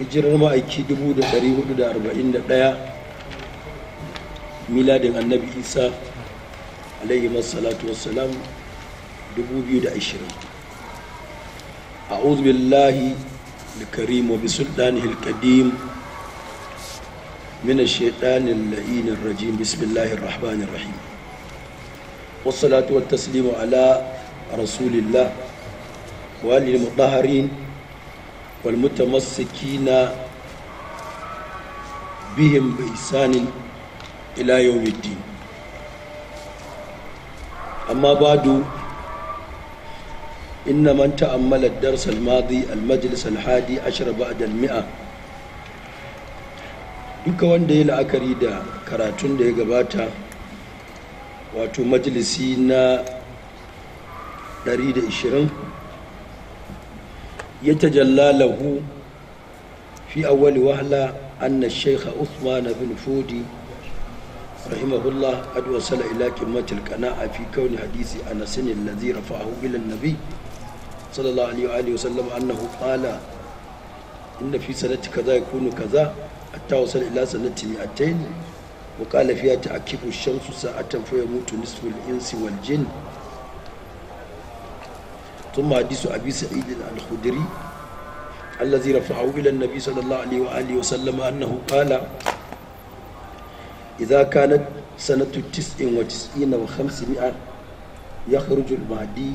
hijirar ma'aiki 1441 miladin annabi isa alayhi masalatu wassalam 2020 a uzubillahi da karimu ala rasulillah wa alil والمتمسكين بهم بإحسان إلى يوم الدين أما بعد إن من تأمل الدرس الماضي المجلس الحادي عشر بعد المئة duka wanda ya la'akari da karatun da ya gabata wato majalisi na 120 ya tajalla lahu fi wahla anna shaykha uthman bin fudi rahimahullah qad wasala ila kimatil qana'a fi kawni kaza yakunu kaza hatta wasal ila sanati mi'atayn wa insi wal-jinn ثم حديث أبي سعيد الخدري الذي رفعه إلى النبي صلى الله عليه وآله وسلم أنه قال إذا كانت سنة تسع وتسعين وخمسمائة يخرج المهدي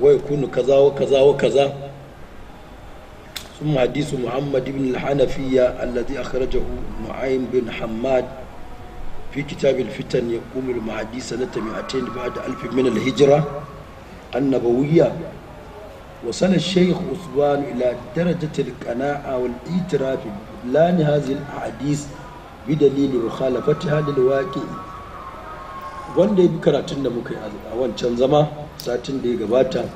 ويكون كذا وكذا وكذا ثم حديث محمد بن الحنفية الذي أخرجه نعيم بن حماد في كتاب الفتن يقوم المهدي سنة 200 بعد ألف من الهجرة النبوية وصل الشيخ أسبان إلى درجة القناعة والإعتراف بطلان هذه الأحاديث بدليل مخالفتها للواقع wanda ya bi karatun da muka yi a wancan zama satin da ya gabata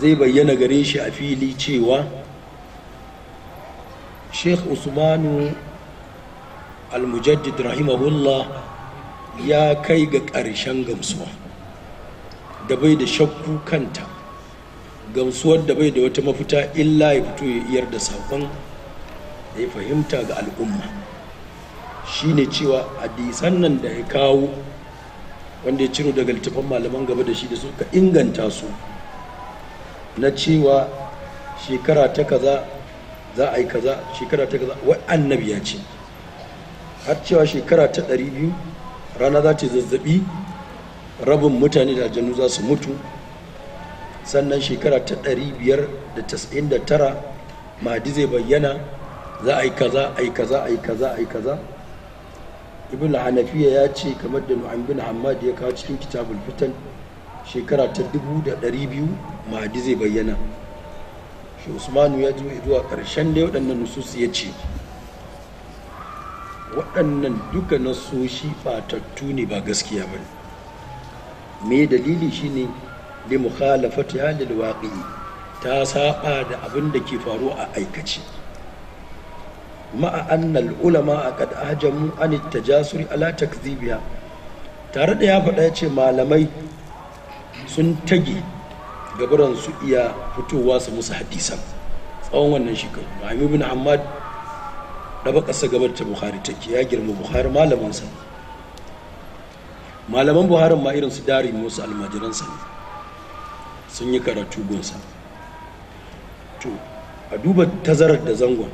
zai bayyana gare shi a fili cewa sheikh usmanu almujaddid rahimahullah ya kai ga ƙarshen gamsuwa da bai da shakku kanta gamsuwar da bai da wata mafita illa ya fito ya iyar da saƙon ya fahimta ga al'umma shine cewa hadisan nan da ya kawo wanda ya ciro daga littafan malaman gaba da shi da suka inganta su na cewa shekara ta kaza za a yi kaza shekara ta kaza wai annabi ya ce har cewa shekara ta ɗari biyu rana za ta zazzaɓi rabin mutane da aljanu za su mutu sannan shekara ta ɗari biyar da da tara mahadi zai bayyana za a yi kaza a yi kaza a yi kaza a yi kaza ibn hanafiya ya ce kamar da nu'an bin hammad ya kawo cikin kitabun fitan shekara ta dubu da ɗari biyu mahadi zai bayyana shi usmanu ya zo zuwa ƙarshen da waɗannan nusus ya ce waɗannan duka na soshi fatattu ne ba gaskiya ba me dalili shine li mukhalafati halil waƙi ta saba da abin da ke faruwa a aikace ma'a annal ulama a kad ajamu an ala takzibiya tare da ya faɗa ya ce malamai sun tage gabaran su iya fitowa su musu hadisan tsawon wannan shekaru ɗabaƙarsa gabar ta buhari take ya girma buhari malamansa malaman buhari ma irin su dari musu almajiransa ne sun yi karatu gunsa to a duba tazarar da zangon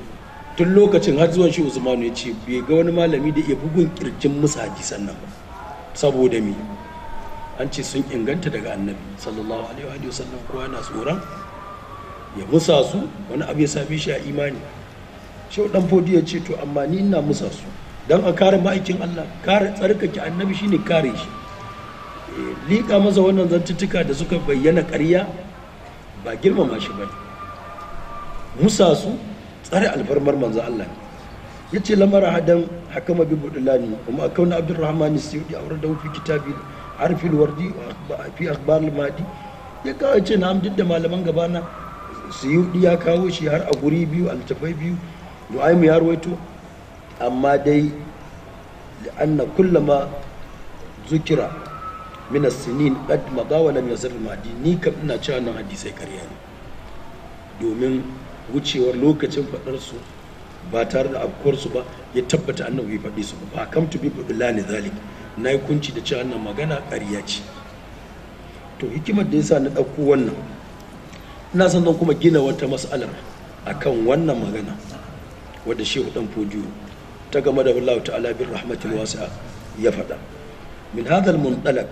tun lokacin har zuwan shi Usman ya ce bai ga wani malami da iya bugun kirjin musu hadisan nan ba saboda me an ce sun inganta daga annabi sallallahu alaihi wa sallam kowa yana tsoron ya musa su wani abu ya same shi a imani Shau dan fodi ya ce to amma ni ina musa su don a kare ma'aikin Allah kare tsarkake annabi shine kare shi eh, liƙa masa wannan zantuttuka da suka bayyana ƙarya ba girmama shi ba musa su tsare alfarmar manzo Allah ya ce lamara hadan hakama bi budulani kuma akau na abdurrahman siyudi aure da fi kitabi arfil wardi fi akhbar al-madi ya kawo ce na amdin da malaman gabana siyudi ya kawo shi har a guri biyu altafai biyu mu ya ruwaito amma dai anna kullama zukira min as-sinin qad magawa lam yasir madi ni kam ina cewa nan hadisai karya ne domin wucewar lokacin fadar su ba tare da afkuwar su ba ya tabbata annabi bai faɗi su ba kam to bi bilal zalik na kunci da cewa nan magana kariya ce to hikimar da yasa na ɗauko wannan ina son zan kuma gina wata mas'alar akan wannan magana wadda shehu dan fodiyo ta game da Allah ta'ala bin rahmatin wasa ya faɗa min hadal muntalaq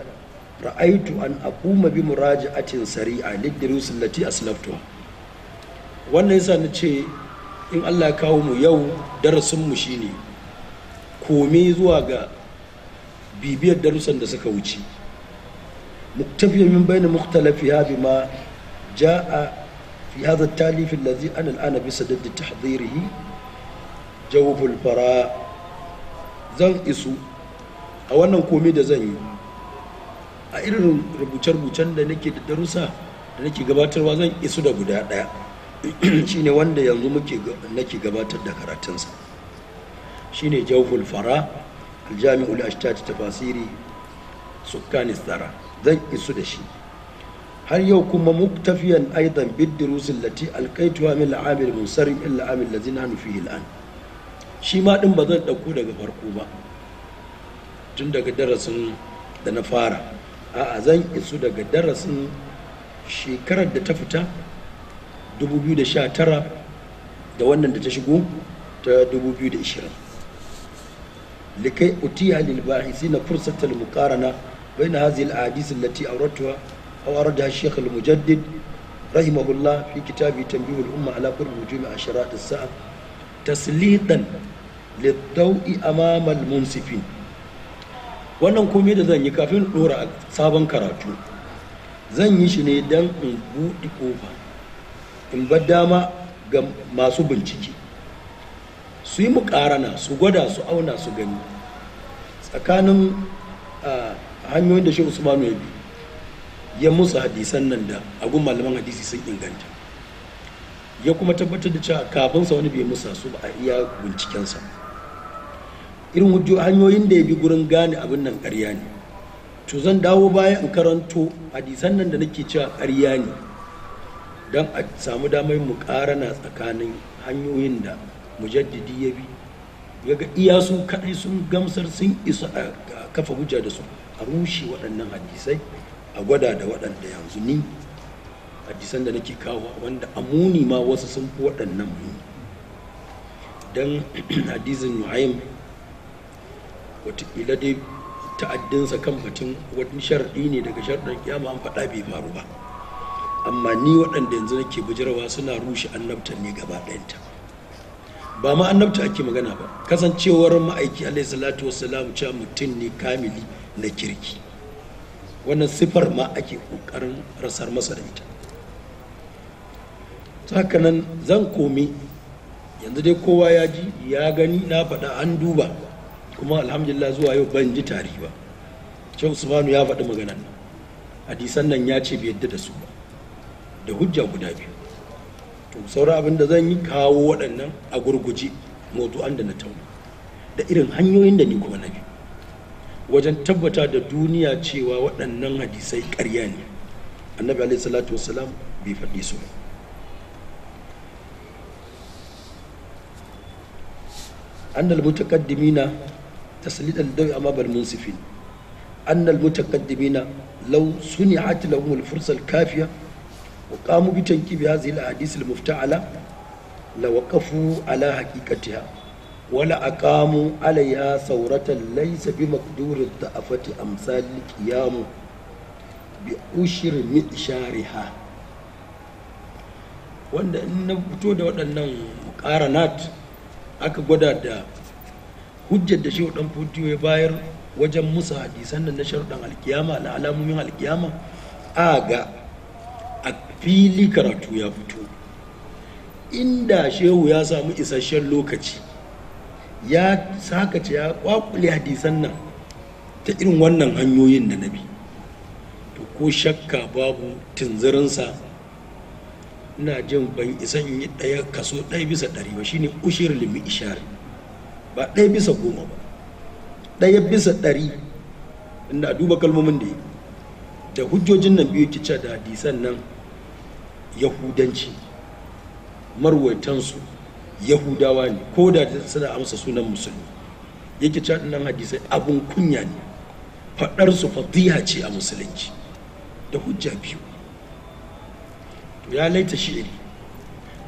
ra'aitu an aquma bi muraja'atin sari'a lidrus allati aslaftuha wannan yasa na ce in Allah ya kawo mu yau darasin mu shine komi zuwa ga bibiyar darussan da suka wuce muktafiya min bayna mukhtalafiha bima ja'a fi hadha at-talif alladhi ana al-ana bi sadad tahdhirihi Jawabul, fara zan isu a wannan komai da zan yi a irin rubuce-rubucen da nake da darussa da nake gabatarwa zan isu da guda ɗaya shine wanda yanzu muke nake gabatar da karatunsa shine jawabul fara aljami'ul ashtat tafasiri sukkani tsara zan isu da shi har yau kuma muktafiyan aidan bid durusin lati alkaituwa min al'amil musarin illa amil lazina nufi il'an shi ma ɗin ba zan ɗauko daga farko ba tun daga darasin da na fara a'a zan isu daga darasin shekarar da ta fita 2019 da wannan da ta shigo ta 2020 likai utiya lil bahisina fursatal bai na hadhihi al ahadith allati awrattuha aw arada da al mujaddid rahimahullah fi kitabi tanbih al umma ala qurb hujumi asharat as sa'a tasliqan littau'i amamal munsifin wannan komai da zan yi kafin ɗora sabon karatu zan yi shi ne don in buɗi ƙofa in bar dama ga masu bincike su yi muƙarana su gwada su auna su gani tsakanin hanyoyin da shi usmanu ya bi ya musu hadisan nan da agun malaman hadisi sun inganta ya kuma tabbatar da cewa kafin sa wani bai musa su ba a iya binciken sa irin hujjo hanyoyin da ya bi gurin gane abin nan ƙarya ne to zan dawo baya in karanto hadisan nan da nake cewa ƙarya ne don a samu damar mu ƙarana tsakanin hanyoyin da mujaddidi ya bi ga iya su kaɗai sun gamsar sun isa a kafa hujja da su a rushe waɗannan hadisai a gwada da waɗanda yanzu ni hadisan da nake kawo wanda amuni ma wasu sun fi waɗannan muni Dan hadisin nu'aim watakila dai ta'addinsa kan batun wani sharaɗi ne daga sharaɗin kiyama an faɗa bai faru ba amma ni waɗanda yanzu nake bujirawa suna rushe annabta ne gaba ɗayanta ba ma annabta ake magana ba kasancewar ma'aiki alaihi salatu wassalam cewa mutum ne kamili na kirki wannan sifar ma ake ƙoƙarin rasar masa da ita haka nan zan komi yanzu dai kowa ya ji ya gani na faɗa an duba kuma alhamdulillah zuwa yau ban ji tari ba shehu usmanu ya faɗi maganan nan hadisan nan ya ce bai yadda da su ba da hujja guda biyu to sauran abin da zan yi kawo waɗannan a gurguje an da na tauna da irin hanyoyin da ni kuma na biyu. wajen tabbata da duniya cewa waɗannan hadisai karya ne annabi alaihi salatu wasalam bai faɗi su ba أن المتقدمين تسليط الدوء أمام المنصفين أن المتقدمين لو صنعت لهم الفرصة الكافية وقاموا بتنكيب هذه الأحاديث المفتعلة لوقفوا على حقيقتها ولا أقاموا عليها ثورة ليس بمقدور الضعفة أمثال القيام بأشر مئشارها wanda in na fito da waɗannan ƙaranat aka gwada da hujjar da shehu dan fodiyo ya bayar wajen musa hadisan nan na sharuɗan alkiyama na alamomin alkiyama a ga a fili karatu ya fito inda shehu ya samu isasshen lokaci ya saka ce ya kwakule hadisan nan ta irin wannan hanyoyin da na bi to ko shakka babu tunzirinsa ina jin ban isa in yi ɗaya kaso ɗaya bisa ɗari ba shine ushir limi ishari ba ɗaya bisa goma ba ɗaya bisa ɗari ina duba kalmomin da da hujjojin nan biyu kice da hadisan nan yahudanci marwaitansu yahudawa ne ko da suna amsa sunan musulmi yake da nan hadisai abun kunya ne faɗarsu fadiha ce a musulunci da hujja biyu ya laita shi'iri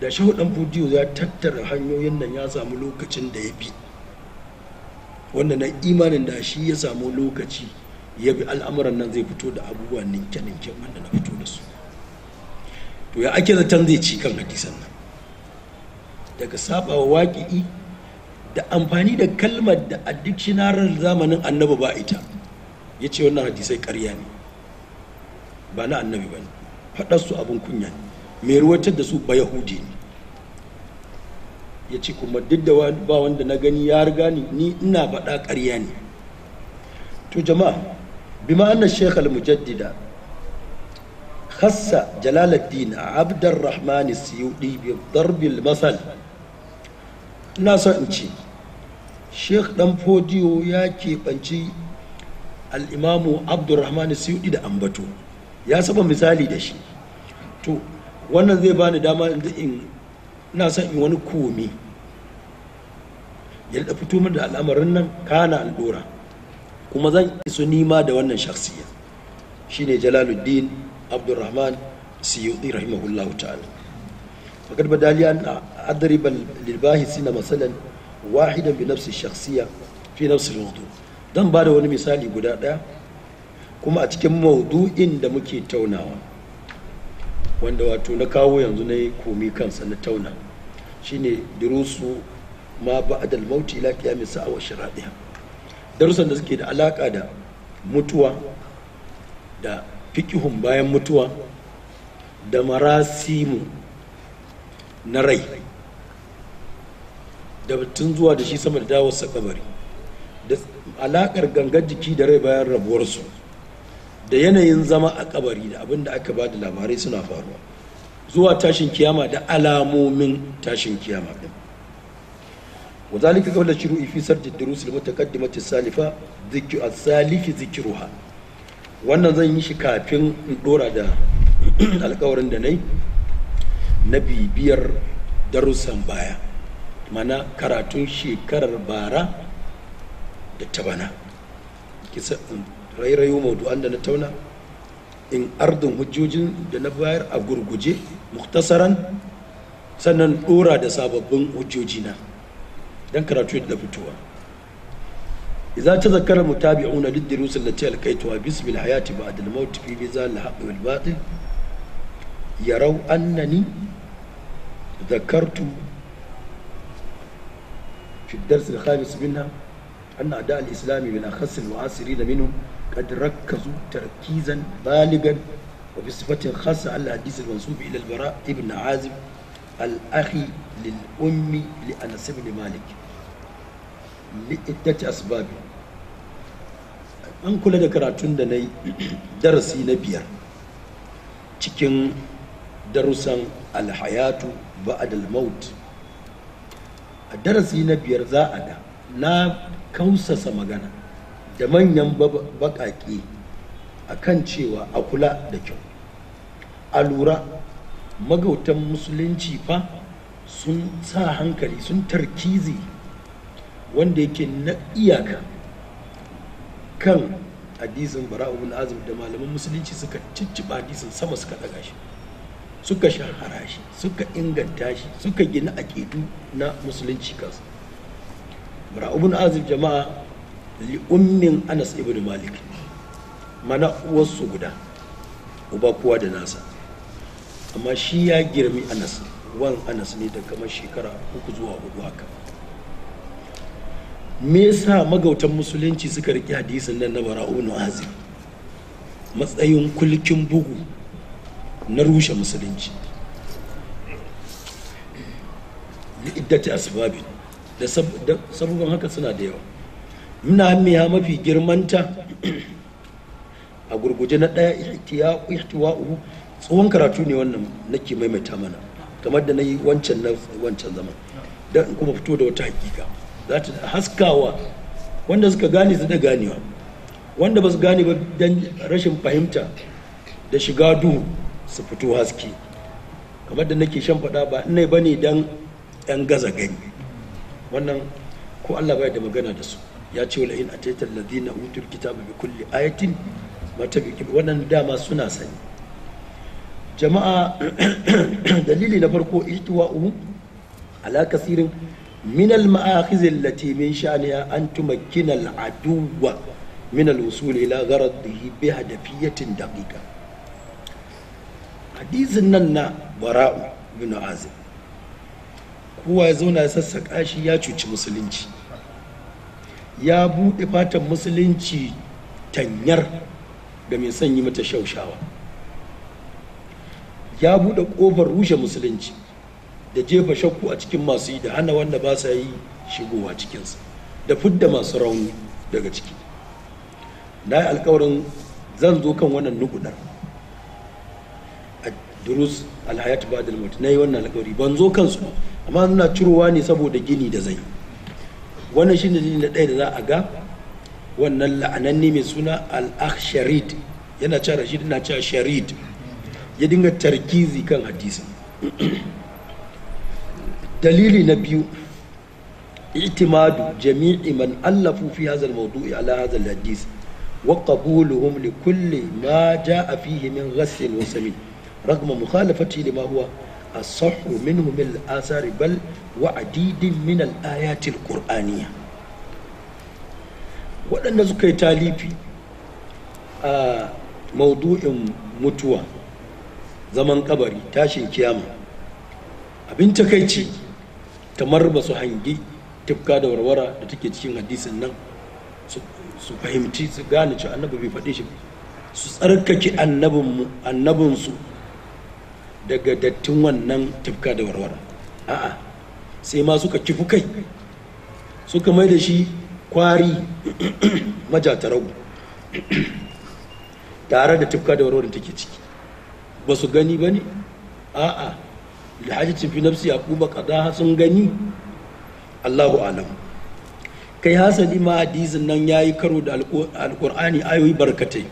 da shahudan fudiyo ya tattara hanyoyin nan ya samu lokacin da ya bi wanda na imanin da shi ya samu lokaci ya bi al'amuran nan zai fito da abubuwa ninke-ninke wanda na fito da su to ya ake zaton zai ci kan hadisan nan daga saba wa waƙi'i da amfani da kalmar da a shinarar zamanin annabi ba ita ya ce wannan hadisai karya ne ba na annabi ba ne faɗar su abin kunya mai ruwatar da su ba yahudi ne ya ce kuma duk da ba wanda na gani ya riga ni ni ina faɗa ƙarya ne to jama'a bima anna shaykh al-mujaddida khassa jalaladdin abdurrahman as-suyudi bi darb masal ina so in ce sheikh ɗan fodiyo ya keɓanci al-imamu abdurrahman as-suyudi da ambato ya saba misali da shi to wannan zai bani dama in ina son in wani komi ya da fito da al'amarin nan kana aldora kuma zan iso nima da wannan shaksiya shine jalaluddin abdurrahman siyuti rahimahullahu ta'ala fakad badali na adriba lil bahisina masalan wahidan bi nafsi shakhsiyya fi nafsi al-mawdu ba da wani misali guda daya kuma a cikin maudu'in da muke taunawa wanda wato na kawo yanzu na yi komi kansa na tauna shine durusu ma ba'adal mauti lafiya mai sa'a wa darussan da suke da alaƙa da mutuwa da fikihun bayan mutuwa da marasimu na rai da tun zuwa da shi sama da dawo kabari da alaƙar gangar jiki da rai bayan rabuwarsu da yanayin zama a kabari da abin da aka ba da labarai suna faruwa zuwa tashin kiyama da alamomin tashin kiyama din وذلك قبل الشروع ifisar سرد الدروس المتقدمة السالفة ذكر السالف ذكرها wannan zan yi shi kafin in dora da alkawarin da yi na bibiyar darussan baya mana karatun shekarar bara da ta bana rairayo maudu'an da na tauna in ardin hujjojin da na bayar a gurguje muktasaran sannan dora da sababbin hujjojina don karatu da fitowa إذا تذكر المتابعون للدروس التي ألقيتها باسم الحياة بعد الموت في ميزان الحق والباطل يروا أنني ذكرت في الدرس الخامس منها أن أداء الإسلام بالأخص المعاصرين منهم قد ركزوا تركيزا بالغا وبصفة خاصة على الحديث المنسوب إلى البراء ابن عازب الأخي للأم لأنس بن مالك لعدة أسباب an kula da karatun da na yi darasi na biyar cikin darussan alhayatu ba'ad al-maut a darasi na biyar za a da na kausasa magana da manyan baƙaƙe a kan cewa a kula da kyau a lura magautan musulunci fa sun sa hankali sun tarkizi wanda yake na iyaka kan hadisin bara'u bin da malaman musulunci suka cicciba hadisin sama suka daga shi suka shahara shi suka inganta shi suka gina aƙidu na musulunci kansu mara'ubun azib jama'a li ummin anas ibn malik mana uwarsu guda uba kowa da nasa amma shi ya girmi anas wan anas ne da kamar shekara uku zuwa hudu haka me yasa magautan musulunci suka riƙe hadisin nan na bara'un azib matsayin kulkin bugu na rushe musulunci li iddati asbabin da haka suna da yawa muna hamiya mafi girmanta a gurguje na ɗaya ihtiwa'u tsohon karatu ne wannan nake maimaita mana kamar da na yi wancan na wancan zama don kuma fito da wata hakika za ta haskawa wanda suka gane su da ganewa wanda ba su gane ba don rashin fahimta da shiga duhu su fito haske kamar da nake shan faɗa ba ina ba ne don 'yan gaza gani wannan ko Allah bai da magana da su ya ce wala in ataital ladina utul kitaba bi kulli ayatin matabiqin wannan dama suna sani jama'a dalili na farko um ala kasirin min al ma'akhiz allati min sha'niha an tumakkina al aduwa min al wusul ila gharadihi bi hadafiyatin daqiqa hadisin nan na bara'u bin azib kowa ya zauna ya sassaƙa shi ya cuci musulunci ya buɗe fatan musulunci tanyar ga mai sanyi mata shaushawa ya buɗe ƙofar rushe musulunci da jefa shakku a cikin masu yi da hana wanda ba sa yi shigowa cikinsa da fidda masu rauni daga ciki na yi alkawarin zan zo kan wannan nukudar a durus alhayat badal mutu na yi wannan alkawari ban zo kansu amma suna cirowa ne saboda gini da zai wannan shine dalilin da ɗaya da za a ga wannan la'ananne mai suna al-akhsharid yana cewa rashid yana cewa sharid ya dinga tarkizi kan hadisi dalili na biyu itimadu jami'i man allafu fi hadha al-mawdu'i ala hadha al wa qabuluhum li kulli ma jaa fihi min ghasl wa samin مخالفته لما هو asahhu minhu min al-athari bal wa adidin min al-ayati al-qur'aniyya waɗanda suka yi talifi a maudu'in mutuwa zaman kabari tashin kiyama abin takaici kamar basu su hangi tufka da warwara da take cikin hadisin nan su fahimci su gane cewa annabi bai shi su tsarkake annabinsu daga dattin wannan tafka da warwara a'a sai ma suka kifu kai suka mai da shi kwari majatarau tare da tafka da warwara take ciki ba su gani ba ne a'a cin fi nafsi ya kuma kada sun gani allahu alam kai hasali ma hadisin nan ya yi karo da Alƙur'ani ayoyi barkatai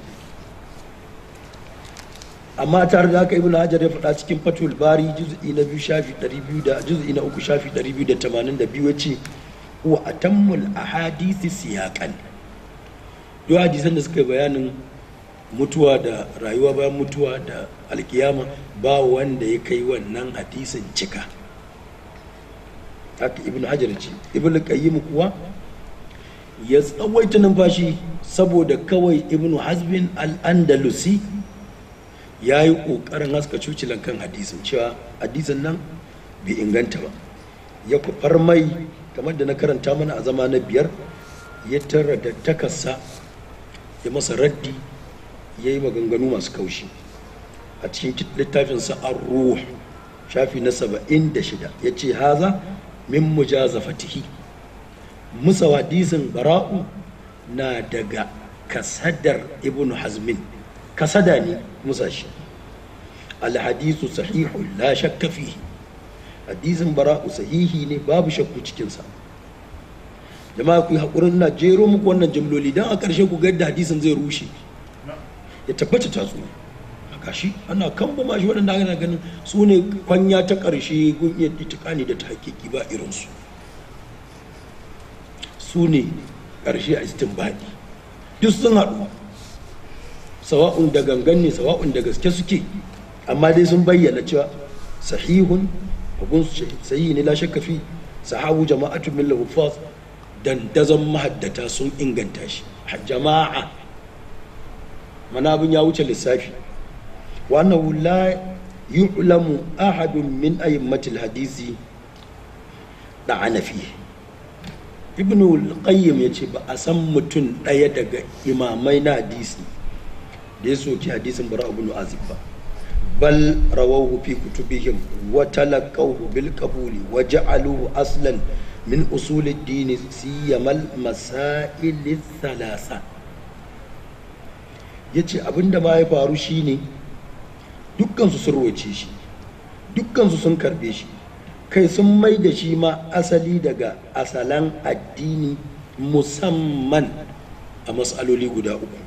amma tare da haka ibnu hajar ya faɗa cikin fatul bari juz'i na biyu shafi da juz'i na uku shafi biyu yace wa atammul ahadisi siyaqan duk hadisan da suka yi bayanin mutuwa da rayuwa bayan mutuwa da alkiyama ba wanda ya kai wannan hadisin cika haka ibnu hajar ce Ibn qayyim kuwa ya tsawaita numfashi saboda kawai ibnu hazbin al-andalusi ya yi ƙoƙarin haska cucilan kan hadisin cewa hadisin nan bai inganta ba ya kufar mai kamar da na karanta mana a zama na biyar ya tara da takasa ya masa raddi ya yi maganganu masu kaushi a cikin littafin an ruwa shafi na saba'in da shida ya ce haza min fatihi musa hadisin bara'u na daga kasadar Ibn hazmin kasada ne musashi alhadisu sahihu la shakka fihi hadisin bara'u sahihi ne babu shakku cikinsa jama'a ku yi haƙurin na jero muku wannan jimloli don a ƙarshe ku yadda hadisin zai rushe ya tabbata ta tatsu a kashi ana kamba shi waɗanda ana ganin su ne kwanya ta ƙarshe gun iya itikani da ta hakiki ba irinsu su ne ƙarshe a istinbadi duk sun haɗu sawa'un da gangan ne sawa'un da gaske suke amma dai sun bayyana cewa sahihun abun sayi ne la shakka fi sahabu jama'atu min al dan dandazon mahaddata sun inganta shi jama'a manabun ya wuce lissafi wannan la yu'lamu ahadun min ayyimatil hadisi da anafi ibnu al-qayyim yace ba a san mutum ɗaya daga imamai na hadisi da ya soki hadisin bara abu azib ba bal rawahu fi kutubihim wa talaqahu bil qabuli waje ja'aluhu aslan min usul ad-din siyamal masail thalatha yace abinda ma ya faru shine dukkan su sun roce shi dukkan sun karbe shi kai sun mai da shi ma asali daga asalan addini musamman a matsaloli guda uku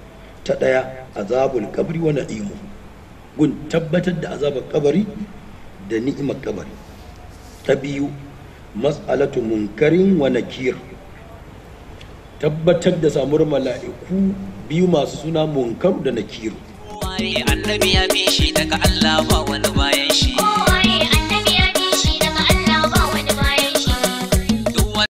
ta ɗaya azabul kabari wa na'imu gun tabbatar da azabar kabari da ni'imar kabari ta biyu matsalatu munkarin wa nakir tabbatar da samur mala'iku biyu masu suna munkaru da nakiru annabi ya bi daga Allah ba wani bayan shi